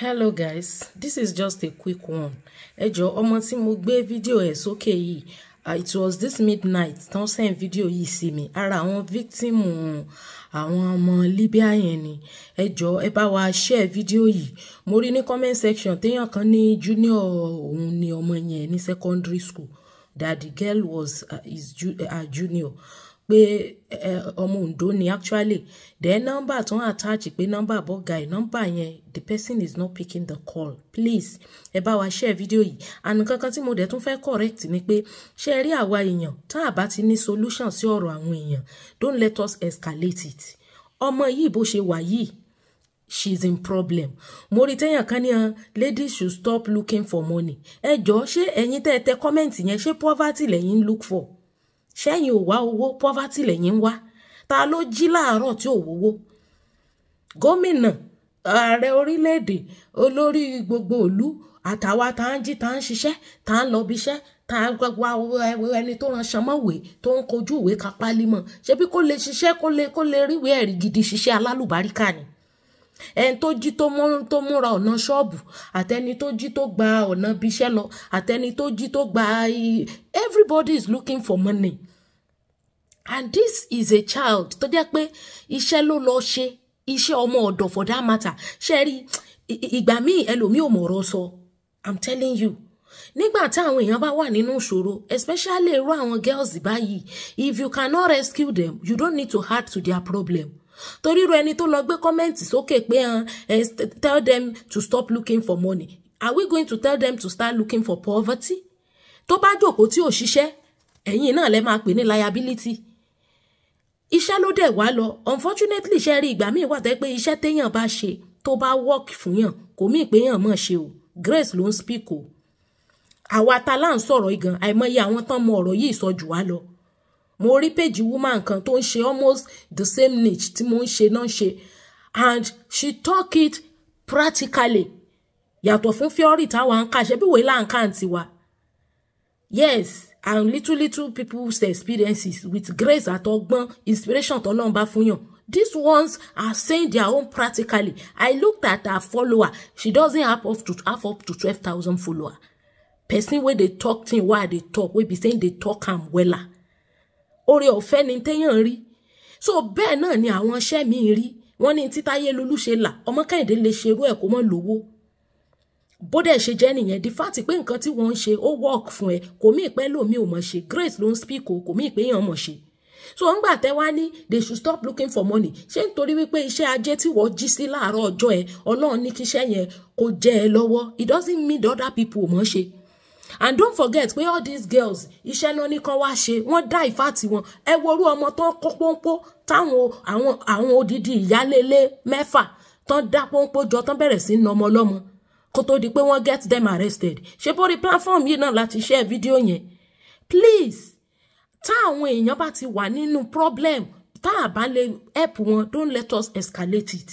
hello guys this is just a quick one Ejo, jọ ọmọ tí mo gbé fídíò ẹ̀ sókè yìí it was this midnight tán send video. yìí sí mi ara àwọn fíktìmù àwọn ọmọ Libya yẹn ni ẹ jọ ẹ wa share video. yìí mo rí ní comment section téèyàn kan ní junior òun ni ọmọ yẹn ní secondary school that girl was uh, his ju uh, junior pé ọmọ Ondo ni actually then number tó ń attach pé number bọ́gà guy. number yẹn the person is not picking the call please ẹ bá wa share video yìí àná kankan tí mo dẹ̀ tún fẹ́ correct ni pé ṣe rí àwa èèyàn tá a bá ti ní solution sí ọ̀rọ̀ àwọn èèyàn don't let us escalate it ọmọ yìí bó ṣe wà yìí she's in problem mo rí téèyàn kan ní han ladies should stop looking for money ẹ jọ ṣé ẹ̀yin tẹ́ ẹ tẹ kọ́mẹ́ǹtì yẹn ṣé poverty lẹ́yìn look for ṣẹ́yìn ò wá owó poverty lẹ́yìn ń wá ta ló jí láàárọ̀ tí ò wówó gómìnà ààrẹ orílẹ̀-èdè olórí gbogbo ìlú àtàwa tá ń jí tá ń ṣiṣẹ́ tá ń lọ bí iṣẹ́ tá wá ẹni tó ran ṣanmọ́wé tó ń kojú ìwé kapálímọ̀ ṣebí kó lè ṣiṣẹ́ kó lè kó lè ríwé ẹ̀rí gidi ṣiṣẹ́ alálùbáríkà ni ẹni tó jí tó múra ọ̀nà ṣọ́ọ̀bù àtẹni tó jí tó gba ọ̀nà bíṣẹ́ lọ àtẹni tó jí tó gba everybody is looking for money and this is a child tó jẹ́ pé iṣẹ́ ló lọ ṣe iṣẹ́ ọmọ ọ̀dọ̀ for that matter ṣe rí ìgbà míì ẹlòmíì ò mọ̀ọ́rọ̀ sọ i'm telling you nígbà tí àwọn èèyàn bá wà nínú ìṣòro especially irú àwọn girls báyìí if you cannot rescue them you don't need to add to their problem torí irú ẹni tó lọ gbé kọ́mẹ́ǹtì sókè pé tell them to stop looking for money are we going to tell them to start looking for poverty tó bá jókòó tí ò ṣiṣẹ́ ẹ̀yin náà lè máa pè ní liability iṣẹ́ ló dẹ̀ wá lọ unfortunately iṣẹ́ rí ìgbà míì wà tẹ́ pé iṣẹ́ téèyàn bá ṣe tó bá work fún yàn kò mí pé yàn mọ̀ ṣe o grace ló ń speak o àwa ta là ń sọ̀rọ̀ yìí gan àìmọye àwọn tán mọ ọ̀rọ̀ yìí sọ jù wá lọ mo rí péjì woman kan tó ń ṣe almost the same niche tí mo ń ṣe náà ṣe and she talk it practically yàtọ̀ fún fiori táwa ń kà ṣe bí wòye là ń kà ń tiwa yes and little little people's experiences with grace àtọgbọ́n inspiration tọ́lọ́run bá fún these ones are saying their own practically i looked at her follower she doesn't have up to have up to twelve thousand follower person wey dey talk thing why i dey talk wey be saying dey talk am wella oore ọ̀fẹ́ ni téèyàn rí so bẹ́ẹ̀ náà ni àwọn iṣẹ́ mi rí wọ́n ní títáyé lolú ṣe là ọmọ kẹ́hìndé lè ṣerú ẹ̀ kó mọ́ lówó bó dẹ̀ ṣe jẹ́ nìyẹn di fáti pé nǹkan tí wọ́n ń ṣe ó work fún ẹ kò mí ìpẹ́ lómi ò mọ̀ ṣe grace ló ń speak o kò mí ìpẹ́ yàn mọ̀ ṣe so ń gbà tẹ wá ní they should stop looking for money ṣé nítorí wípé iṣẹ́ ajé tí wọ́n jí sí láàárọ̀ ọjọ́ ẹ ọlọ́run ní kíṣẹ́ yẹn kò jẹ́ ẹ lọ́wọ́ it doesn't mean the other people ò mọ̀ ṣe and don't forget pé all these girls iṣẹ́ náà ní kan wá ṣe wọ́n dá ìfá tiwọn ẹ worú ọmọ tán kó pọ́npọ́ táwọn àwọn àwọn odidi ìyálélé mẹ́fà tán dá pọ́npọ́ jọ tán bẹ̀rẹ̀ sí í ọmọ ọlọ́mọ kó tó di pé wọ́n get them arrested ṣé bórí platform yìí náà láti share fídíò yẹn please tá àwọn èèyàn bá ti wà nínú problem tá a bá lè help wọn don't let us escalate it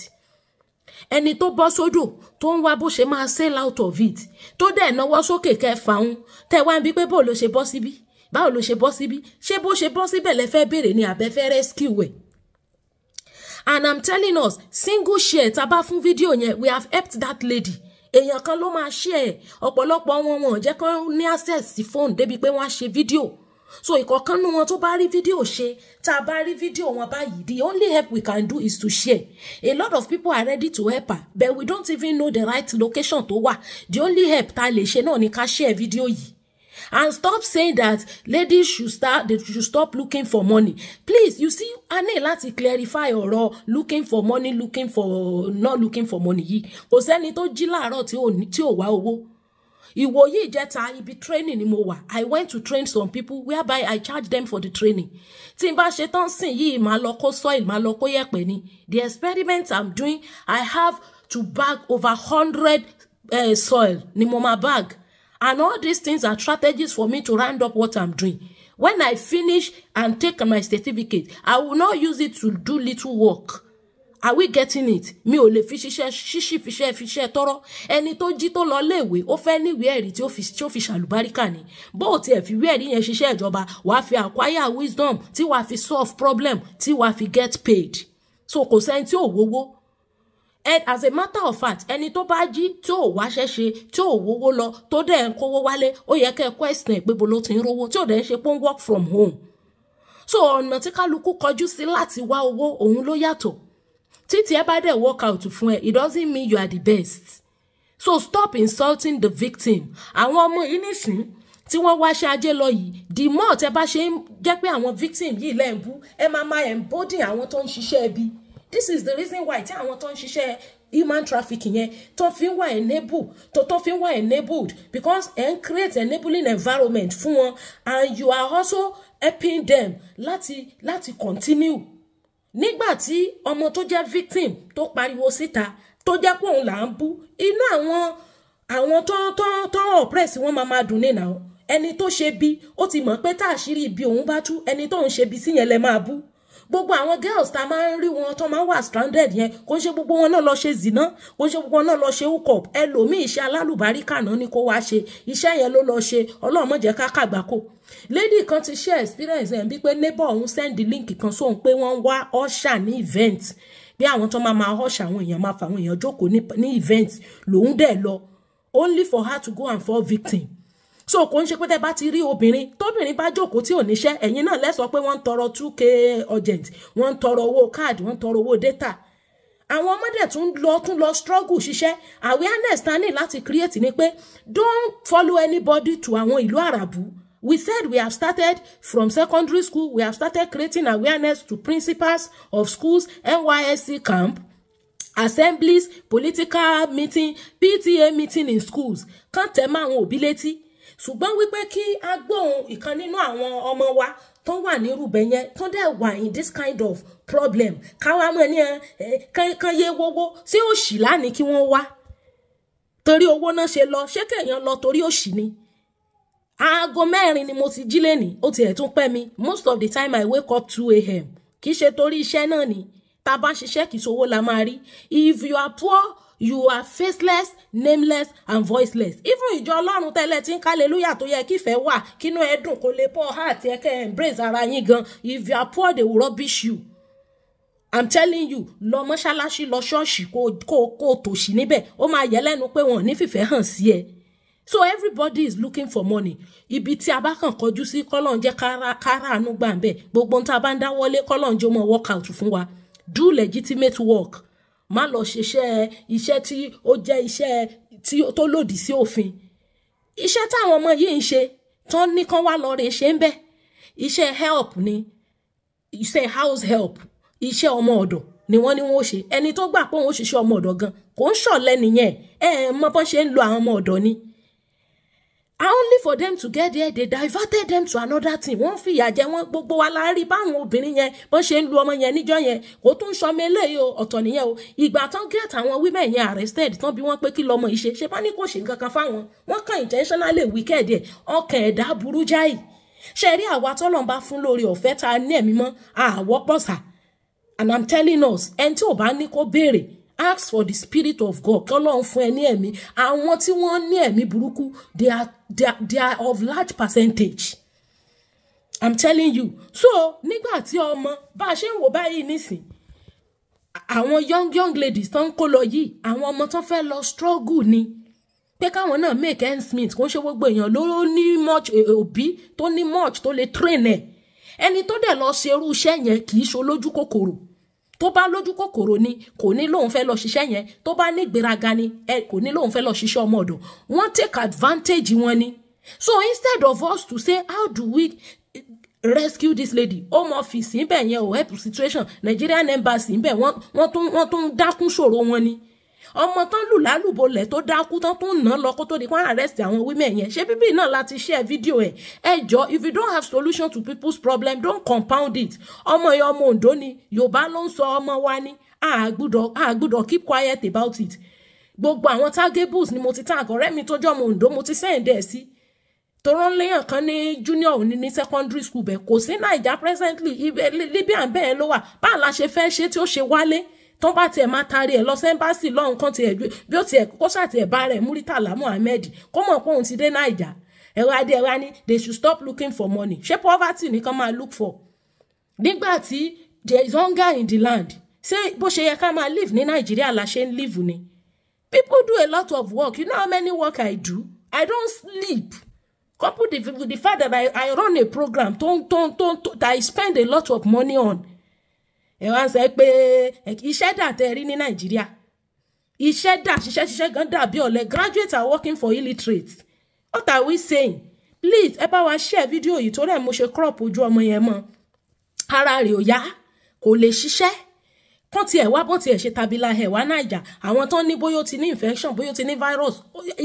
ẹni tó bọ́ sódò tó ń wá bó ṣe máa sail out of it tó dẹ̀ náwó sókè kẹfà ń tẹ̀ wá ń bí pé bó ló ṣe bọ́ síbí báwo ló ṣe bọ́ síbí ṣé bó ṣe bọ́ síbẹ̀ lẹ fẹ́ béèrè ní abẹ́fẹ́ rescue ẹ̀ and i'm telling us single share tá a bá fún fídíò yẹn we have helped that lady èèyàn kan ló máa ṣe ẹ̀ ọ̀pọ̀lọpọ̀ wọn wọn ò jẹ́ kán ní access sí phone. débi pé wọ́n á ṣe fídíò so ìkọ̀ọ̀kan nínú wọn tó bá rí fídíò ṣe tá a bá rí fídíò wọn báyìí the only help we can do is to share a lot of people are ready to help her but we don't even know the right location tó wà the only help tá a lè ṣe náà ni ká share fídíò yìí and stop saying that ladies should start they should stop looking for money please you see a ní láti clarify ọ̀rọ̀ looking for money looking for not looking for money yìí kò sẹ́ni tó jí ti o wa wá owó ìwòyí ìjẹta ibi training ni mo wà i went to train some people whereby i charge them for the training tí n bá ṣe tán sìn yìí màá lọ kó soil màá lọ kó yẹ̀pẹ̀ ni the experiment i'm doing i have to bag over hundred uh, soil ni mo máa bag And all these things are strategies for me to round up what I'm doing. When I finish and take my certificate, I will not use it to do little work. Are we getting it? Mi ò lè fi ṣiṣẹ́ ṣíṣì fi ṣe fi ṣe tọrọ. Ẹni tó jí tó lọ léèwé, ó fẹ́ níwèé ẹ̀rí tí ó fi tí ó fi ṣàlùbáríkà ni. Bó o tiẹ̀ fi wéẹ̀rí yẹn ṣiṣẹ́ ìjọba, wàá fi acquire wisdom ti wa fi solve problem ti wa fi get paid. So kò sẹ́ni tí ò wówó as a matter of fact ẹni tó bá jí tí ò wáṣẹ́ ṣe tí ò wówó lọ tó dẹ̀ ń kówó wálé ó yẹ kẹ́ ẹ question ẹ̀ pé bolo ti ń rówó tí ò dẹ̀ ń ṣe pé ń work from home so ọ̀nà tí kálukú kọjú sí láti wá owó òun ló yàtọ̀ títí ẹ bá dẹ̀ work out fún ẹ it doesn't mean you are the best so stop insulting the victim àwọn ọmọ yìí nìsín tí wọ́n wá ṣe ajé lọ yìí the more tẹ bá ṣe ń jẹ́ pé àwọn victim yìí lẹ́ ń bú ẹ máa máa embolden àwọn tó ń ṣiṣẹ́ ẹbí this is the reason why tí àwọn tó ń ṣiṣẹ́ human trafficking yẹn tó fi ń wà enable tó tó fi ń wà enabled because ẹ̀ ń create enabling environment fún wọn and you are also helping them láti láti continue nígbà tí ọmọ tó jẹ́ victim tó pariwo síta tó jẹ́ pé òun là ń bú inú àwọn àwọn tó tó tó oppress wọn máa máa dùn nínà ẹni tó ṣe bí ó ti mọ̀ pé tá àṣírí ibi òun bá tú ẹni tó ń ṣe bí síyẹn lẹ máa bú gbogbo àwọn girls tá a máa ń rí wọn tó máa ń wà stranded yẹn kò ń ṣe gbogbo wọn náà lọ ṣe zina kò ń ṣe gbogbo wọn náà lọ ṣe hookup ẹlòmíì iṣẹ́ alálùbárí kànáà ni kó wá ṣe iṣẹ́ yẹn ló lọ ṣe ọlọ́mọ jẹ́ ká kàgbákò lady kan ti share experience ẹ̀ ń neighbor òun send link kan sóhun pé wọ́n wá usher ní event bí àwọn tó máa máa usher àwọn èèyàn máa fà àwọn èèyàn jókòó ní event lòun dẹ̀ lọ only for her to go and fall victim so kò ń ṣe pé tẹ́ bá ti rí obìnrin tóbìnrin bá jókòó tí ò níṣẹ́ ẹ̀yin náà lẹ́sọ̀ pé wọ́n ń tọrọ two k urgent wọ́n ń tọrọ owó káàdì wọ́n ń tọrọ owó data àwọn ọmọdé tún lọ tún lọ struggle ṣiṣẹ́ awareness ta ní láti create ni pé don't follow anybody to àwọn ìlú àràbù we said we have started from secondary school we have started creating awareness to principals of schools NYSC camp assemblies political meeting PTA meeting in schools kàn tẹ̀ mọ́ àwọn òbí létí ṣùgbọ́n wípé kí a gbóhùn ìkan nínú àwọn ọmọ wa tán wà nírúbẹ yẹn tán dẹ̀ wà in this kind of problem káwa mọ̀ ní ẹ kan yé wọ́wọ́ ṣé òṣì lánìí kí wọ́n wá torí owó náà ṣe lọ ṣé kéèyàn lọ torí òṣì ni aago mẹ́rin ni mo ti jí lénìí ó tiẹ̀ tún pẹ́ mi most of the time I wake up two a.m. kì í ṣe torí iṣẹ́ náà ni tá a bá ṣiṣẹ́ kì í ṣowó la máa rí if you are poor you are faceless nameless and voiceless even ìjọ ọlọ́run tẹ́lẹ̀ tí ń kálelúyà tó yẹ kífẹ́ wà kínú ẹ̀dùn kò lè pour heart ẹ kẹ́ embrace ara yín gan if you are poor they will rubbish you i'm telling you lọ mọ́ṣáláṣí lọ ṣọ́ọ̀ṣì kó kó kó tòṣì níbẹ̀ ó máa yẹ lẹ́nu pé wọn ní fìfẹ́ hàn sí ẹ so everybody is looking for money ibi tí a bá kàn kọjú sí kọ́lọ̀ ń jẹ́ kára àánú gbà ń bẹ̀ gbogbo ohun tá a bá ń dáwọ́lé kọ́lọ̀ ń jẹ́ mọ́ workout fún wa do legitimate work má lọ ṣiṣẹ́ iṣẹ́ tí ó jẹ́ iṣẹ́ tí tó lòdì sí òfin iṣẹ́ táwọn ọmọ yìí ń ṣe tán ní kán wá lọ rè ṣe ń bẹ̀ iṣẹ́ help ni iṣẹ́ house help iṣẹ́ ọmọ ọ̀dọ̀ ni wọ́n ní wọ́n ó ṣe ẹni tó gbà pé òun ṣiṣẹ́ ọmọ ọ̀dọ̀ gan kò ń ṣọ̀lẹ nìyẹn ẹ ẹ mọ bọ́n ṣe ń lo àwọn ọmọ ọ̀dọ̀ ni only for them to get there they diverted them to another thing wọ́n fìyà jẹ wọ́n gbogbo wa la rí báwọn obìnrin yẹn bó ṣe ń lu ọmọ yẹn níjọ́ yẹn kò tún sọmọ eléyìí o ọ̀tọ̀ nìyẹn o ìgbà tán get àwọn women yẹn arrested tán bí wọ́n pé kí lọmọ yìí ṣe ṣe bá ní kò ṣe nǹkan kan fáwọn wọ́n kàn intentionally wicked ẹ̀ ọkàn ẹ̀dá burú jáì ṣe rí àwa tọ́lọ́n bá fún lórí ọ̀fẹ́ ta ní ẹ̀mí mọ́ àwọ̀ pọ̀sà and i'm telling us ẹni tí ò bá ní kó béèrè ask for the spirit of God kí ọlọ́run fún ẹ ní ẹ̀mí àwọn tí wọ́n ní ẹ̀mí burúkú they are they are of large percentage i'm telling you so nígbà tí ọmọ bá a ṣe ń wò báyìí nísìn àwọn young young ladies tó ń kó lọ yìí àwọn ọmọ tó fẹ́ lọ struggle ni pé káwọn náà make ends meet kó ń ṣe gbogbo èèyàn ló ní much eh, òbí tó ní much tó lè train ẹ̀ ẹni tó dẹ̀ lọ ṣerú iṣẹ́ yẹn kì í ṣolójú kòkòrò tó bá lójú kòkòrò ni kò ní lóun fẹ́ lọ ṣiṣẹ́ yẹn tó bá ní gbéraga ni ẹ kò ní lóun fẹ́ lọ ṣiṣẹ́ ọmọ ọ̀dọ̀ wọ́n take advantage wọn ni so instead of us to say how do we rescue this lady home office ń bẹ̀ yẹn ò help situation Nigerian embassy ń bẹ̀ wọ́n tún wọ́n tún dákún ṣòro wọn ni ọmọ tán lù lálùbọlẹ̀ tó dákú tán tó nà lọ kó tó di wọn arrest àwọn women yẹn ṣé bíbí náà láti share video ẹ̀ ẹ jọ if you don't have solution to people's problem don't compound it ọmọ yẹn ọmọ Ondo ni Yorùbá ló ń sọ ọmọ wa ni àgbùdọ̀ keep quiet about it gbogbo àwọn targetables ni mo ti tag ọ̀rẹ́ mi tó jọ ọmọ Ondo mo ti send ẹ̀ sí torọ́ kan ní junior òní ní secondary school bẹ́ẹ̀ kò sí Naija presently Libya bẹ́ẹ̀ ló wà báà la ṣe fẹ́ ṣe tí ó ṣe wálé tó bá tiẹ̀ máa taari ẹ̀ lọ sẹ́ńbáàsì lọ́hùn kan tiẹ̀ bí ó tiẹ̀ kó ṣàtiẹ̀ bá rẹ̀ Muritala Muhammed kó mọ̀ pé òun ti dé Naija ẹ̀rọ adé ẹ̀rọ ni they should stop looking for money ṣé poverty nìkan máa look for nígbà tí there is hunger in the land ṣé bó ṣe yẹ ká máa live ní Nàìjíríà la ṣe ń live ni people do a lot of work you know how many work I do I don't sleep couple the, the fact that I, I run a program ton ton ton ton that I spend a lot of money on ẹ wá ń sọ pé iṣẹ́ dà tẹ́ rí ní nàìjíríà iṣẹ́ dà ṣiṣẹ́ ṣiṣẹ́ gan dàbí ọ̀lẹ graduates are working for illiterate what are we saying please ẹ bá wa share fídíò yìí tó rẹ̀ mo ṣe crop ojú ọmọ yẹn mọ́ ara rẹ̀ ò yá kò lè ṣiṣẹ́ kán tiẹ̀ wá bọ́n tiẹ̀ ṣe tabila ẹ̀ wá naija àwọn tán ní bóyá ti ní infection bóyá ti ní virus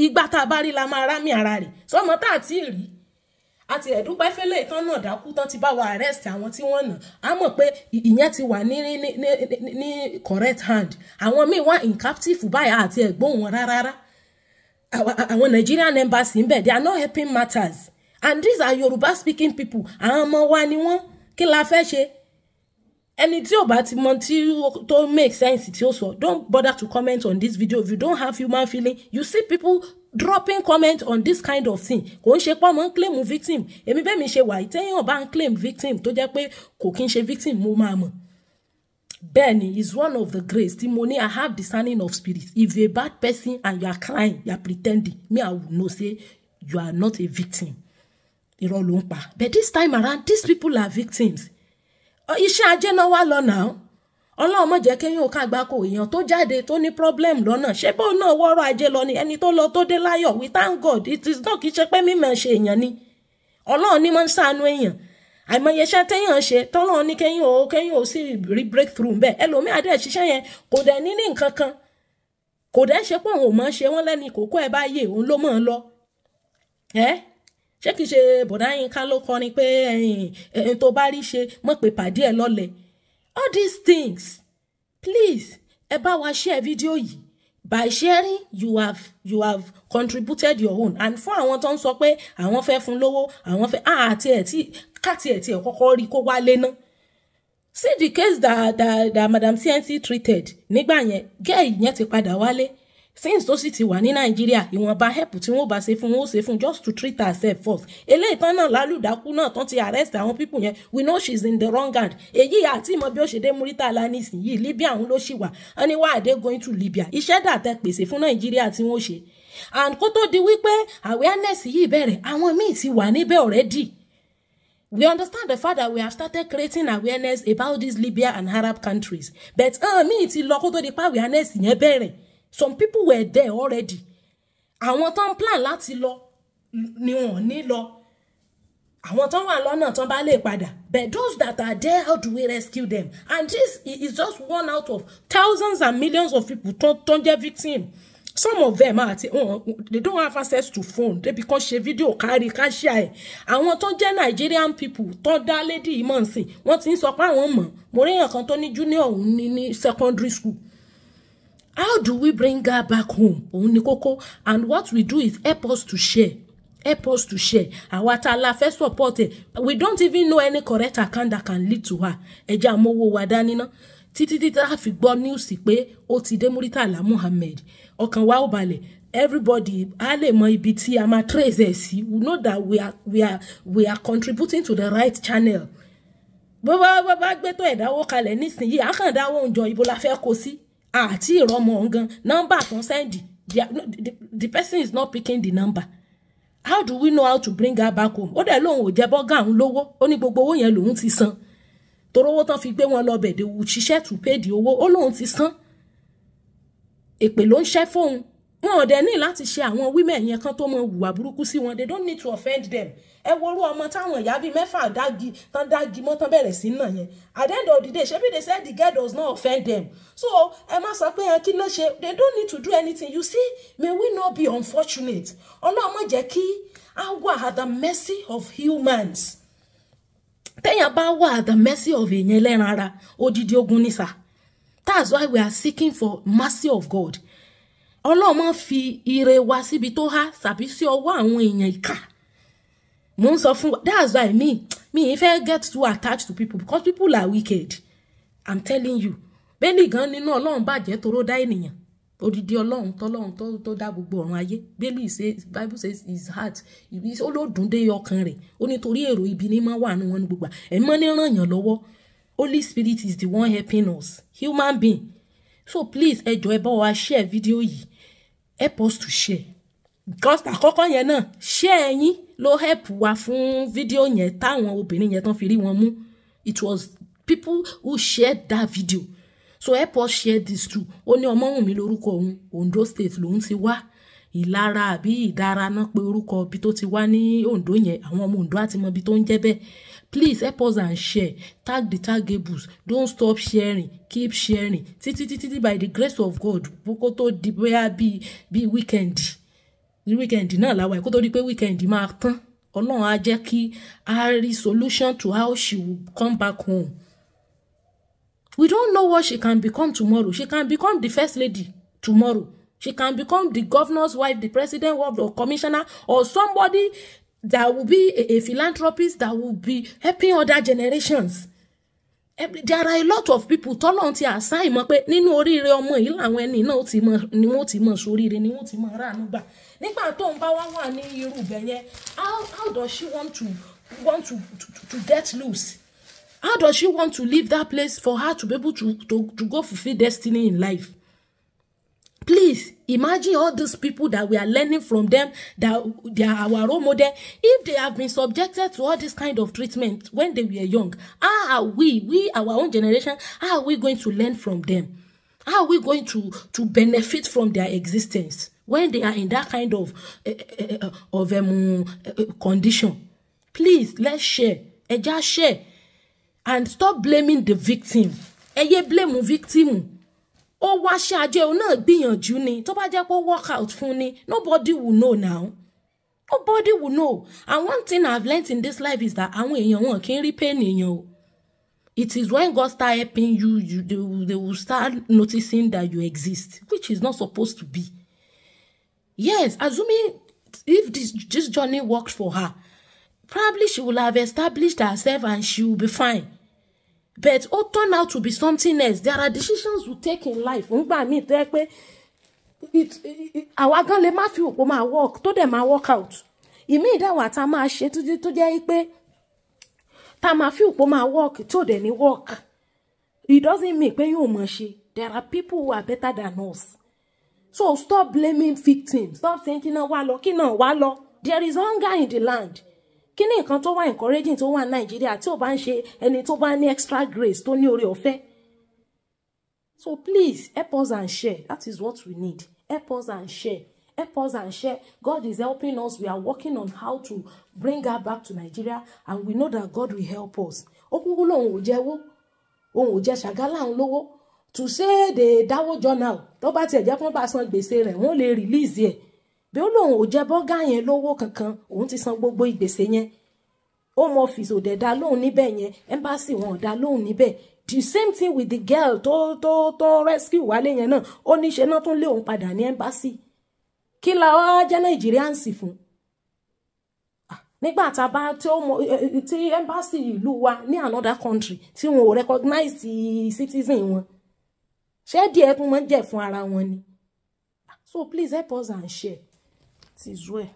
ìgbà tá a bá rí la máa rámì ara rẹ̀ sọmọ tá a ti rí àti ẹ̀dúpẹ́ fẹ́lẹ́ ìtàn náà dákú tán ti bá wa arrest àwọn tí wọ́n nà á mọ̀ pé ìyẹn ti wà ní ní ní correct hand àwọn míì wá in captive báyà àti ẹ̀gbọ́n wọn rárá àwọn Nigerian embassy ń bẹ̀ they are not helping matters and these are Yoruba speaking people àwọn ọmọ wa ni wọ́n kí la fẹ́ ṣe Any tí ò bá ti mọ tí tó make sense tí ó sọ don't bother to comment on this video if you don't have human feeling you see people dropping comment on this kind of thing kò ń ṣe pọ́ mọ́ ń claim victim èmi bẹ́ẹ̀ mi ṣe wà ìtẹ́yìn ọba ń claim victim tó jẹ́ pé kò kí ń ṣe victim mo máa mọ̀ bẹ́ẹ̀ni is one of the grace tí mo ní i have discerning of spirit if you a bad person and you are crying you are pretending me i would know say you are not a victim irọ́ ló ń pa but this time around these people are victims iṣẹ́ ajé náà wà lọ́nà ọlọ́run mọ̀ jẹ́ kéèyàn ò kágbá kò èèyàn tó jáde tó ní problem lọ́nà ṣé bóun náà wọ́rọ̀ ajé lọ ni ẹni tó lọ tó dé láyọ̀ we thank God it is not kì í ṣe pé mímọ̀ ṣe èèyàn ni ọlọ́run ní máa ń ṣàánú èèyàn àìmọye iṣẹ́ téèyàn ṣe tọ́lọ́run ní kéèyàn ò kéèyàn ò sì rí breakthrough ń bẹ̀ ẹlòmíì adé ṣiṣẹ́ yẹn kò dẹ̀ ní ní nǹkan kan kò dẹ̀ ṣe pé òun ò mọ̀ ṣe wọ́n lẹ́ni kókó ẹ̀ bá yé òun ló mọ̀ ń lọ ẹ́ ṣé kìí ṣe bọ̀dá yín ká ló kọrin pé ẹ̀yìn tó bá rí ṣe mọ̀ pé pàdé ẹ̀ lọ́lẹ̀ all these things please ẹ bá wa share fídíò yìí by sharing you have you have contributed your own and fún àwọn tó ń sọ pé àwọn fẹ́ fún lówó àwọn fẹ́ ah, àti ẹ̀ tí káti ẹ̀ tí ẹ̀ kọ́kọ́ rí kó wálé ná see the case that that that madam TNT treated nígbà yẹn gẹ́ẹ̀ yẹn ti padà wálé since tó sì ti wà ní nàìjíríà ìwọ̀nba help tí wọ́n bá ṣe fún wọn ó ṣe fún just to treat herself first eléyìí tán náà lálùdákú náà tán ti arrest àwọn people yẹn we know she is in the wrong hand èyí àti ìmọ̀ bí ó ṣe dé Muritala nísìnyí Libya òun ló ṣì wà ẹni wá àdé going to Libya iṣẹ́ dàtẹ́ pèsè fún nàìjíríà tí wọ́n ṣe and kó tó di wípé awareness yìí bẹ̀rẹ̀ àwọn míì ti wà níbẹ̀ already We understand the fact that we have started creating awareness about these Libya and Arab countries but uh, mi ti lọ kó tó di pa awareness yẹn bẹ̀rẹ̀ some people were there already àwọn tó ń plan láti lọ ni wọn ní lọ àwọn tó wà lọ́nà tó bá lè padà but those that are there how do we rescue them and this is just one out of thousands and millions of people tó tó jẹ́ victim some of them are ti they don't have access to phone they become ṣe video kárí káṣíà ẹ àwọn tó jẹ́ Nigerian people tó dá lady imonsi wọ́n ti ń sọ pé àwọn mọ̀ mo rí kan tó ní junior òun ní ní secondary school how do we bring her back home òun ni and what we do is help us to share help us to share àwa tá a la support ẹ̀ we don't even know any correct account that can lead to her ẹ jẹ́ àmọ́wọ́ titi dání ná títí tí a fi gbọ́ news pé ó ti dé Muritala Muhammed everybody a lè mọ ibi we know that we are we are we are contributing to the right channel bó bá bá gbé tó ẹ̀dáwó kalẹ̀ nísìnyí àkàndáwó òǹjọ ibo la fẹ́ kó sí. Si àti ìrọmọ ọ̀ngàn nọ́mbà kan sẹ́ndì the person is not picking the number how do we know how to bring her back home ó dẹ̀ lóun ò jẹ́ bọ́gà òun lówó ó ní gbogbo owó yẹn lòun ti san torówó tán fi gbé wọn lọ bẹ̀dẹ̀ òṣìṣẹ́ tù péèdì owó ó lóun ti san èpè ló ń ṣẹ́ fóun wọn ò dẹ̀ ní láti ṣe àwọn women yẹn kan tó mọ hùwà burúkú sí wọn they don't need to offend them ẹ worú ọmọ táwọn ìyá bíi mẹ́fà dági tán dági mọ́ tán bẹ̀rẹ̀ sí náà yẹn at the end of the day ṣebí they said the girl does not offend them so ẹ má sọ pé kí ló ṣe they don't need to do anything you see may we not be unfortunate ọlọ́mọ jẹ́ kí a wà at the mercy of humans téèyàn bá wà at the mercy of èèyàn ẹlẹ́ran ara odidi ogun ni sà that's why we are seeking for mercy of God ọlọ́run fi ire wa síbi tó há tàbí sí ọwọ́ àwọn èèyàn ìkà mo ń sọ fún wa that's why me me ife get too attached to people because people are wicked i'm telling you bẹ́ẹ̀ni gan nínú ọlọ́run bàjẹ́ toró dá ènìyàn odidi ọlọ́run tọ́lọ́run tó dá gbogbo ọ̀run ayé bẹ́ẹ̀ni bible says his heart ó ló dùn dé ọkàn rẹ̀ ó nítorí èrò ibi ní máa wà ní wọn ní gbogbo ẹ̀ mọ́ ní ràn yàn lọ́wọ́ holy spirit is the one helping us human being so please ẹ jọ̀ọ́ ẹ bá wa share video yìí help us to share because àkọ́kọ́ yẹn náà share yín ló help wa fún fídíò yẹn táwọn obìnrin yẹn tán fi rí wọn mú it was people who shared that video so help us share this too ó ní Ọmọ́wùnmí lórúkọ òun Ondo state lòun ti wá ìlara àbí ìdara náà pé orúkọ ibi tó ti wá ní Ondo yẹn àwọn ọmọ Ondo àti mọ ibi tó ń jẹ́ bẹ́ẹ̀ please help us and share tag the tagables don't stop sharing keep sharing títí títí by the grace of God kó tó di bóyá bíi bíi weekend weekend náà làwọn ẹ̀kọ́ tó di pé weekend máa tán ọlọ́run á jẹ́ kí a rí solution to how she will come back home we don't know what she can become tomorrow she can become the first lady tomorrow she can become the governor's wife the president wife or commissioner or somebody that will be a, a philanthropist that will be helping other generations there are a lot of people tọ́lọ́n ti àṣà ìmọ̀ pé nínú oríire ọmọ yìí làwọn ẹni náà ni wọ́n ti mọ sóríire ni wọ́n ti mọ ráàánú gbà nígbà tó ń bá wá wà ní irú ibẹ̀ yẹn how how does she want to want to to, to get loose how does she want to leave that place for her to be able to to, to go fulfil destiny in life please Imagine all these people that we are learning from them, that they are our role model. If they have been subjected to all this kind of treatment when they were young, how are we, we, our own generation, how are we going to learn from them? How are we going to, to benefit from their existence when they are in that kind of, uh, uh, of um, uh, condition? Please, let's share. just share. And stop blaming the victim. Eye blame victim ó wá ṣáájú òun náà gbìyànjú ni tó bá jẹ́ pé work out fún ni nobody will know now nobody will know and one thing I've learnt in this life is that àwọn èèyàn wọn kì í rí pain èèyàn o it is when God start helping you you they they will start noticing that you exist which is not supposed to be yes assuming if this this journey worked for her probably she will have established herself and she will be fine but ó turn out to be something else there are decisions we take in life ńgbà míì tó yẹ pé àwa gan lè má fi òpó máa work tó dẹ̀ máa work out ìmí ìdáwà tá a máa ṣe tó jẹ́ pé tá a máa fi òpó máa work tó dẹ̀ ní work it doesn't mean pé yóò mọ̀ ṣe there are people who are better than us so stop blaming victims stop thinking náà wá lọ kí náà wá lọ there is hunger in the land kíní nǹkan tó wà encouraging tó wà nàìjíríà tí ò bá ń ṣe ẹni tó bá ní extra grace tó ní oore ọ̀fẹ́ so please help us and share that is what we need help us and share help us and share God is helping us we are working on how to bring her back to Nigeria and we know that God will help us ó kúkú lòun ò jẹ́wọ́ òun ò jẹ́ ṣàgálà ń lówó to say the dáwọ́ Journal now tó bá tiẹ̀ jẹ́ fún bá san gbèsè rẹ̀ wọ́n lè release ẹ̀ e bí ó lóun ò jẹ bọ́gà yẹn lówó kankan òun ti san gbogbo ìgbèsè yẹn home office ò dẹ̀ dá lóhùn níbẹ̀ yẹn embassy wọn ò dá lóhùn níbẹ̀ the same thing with the girl tó tó tó rescue wálé yẹn náà ó ní ṣe náà tún lé òun padà ní embassy kí la wá jẹ́ nàìjíríànsì fún nígbà tá a bá tí ó mọ tí embassy ìlú wa ní another country tí wọn ò recognize citizen wọn ṣé díẹ̀ tún máa ń jẹ́ fún ara wọn ni so please help us and share. se jouer.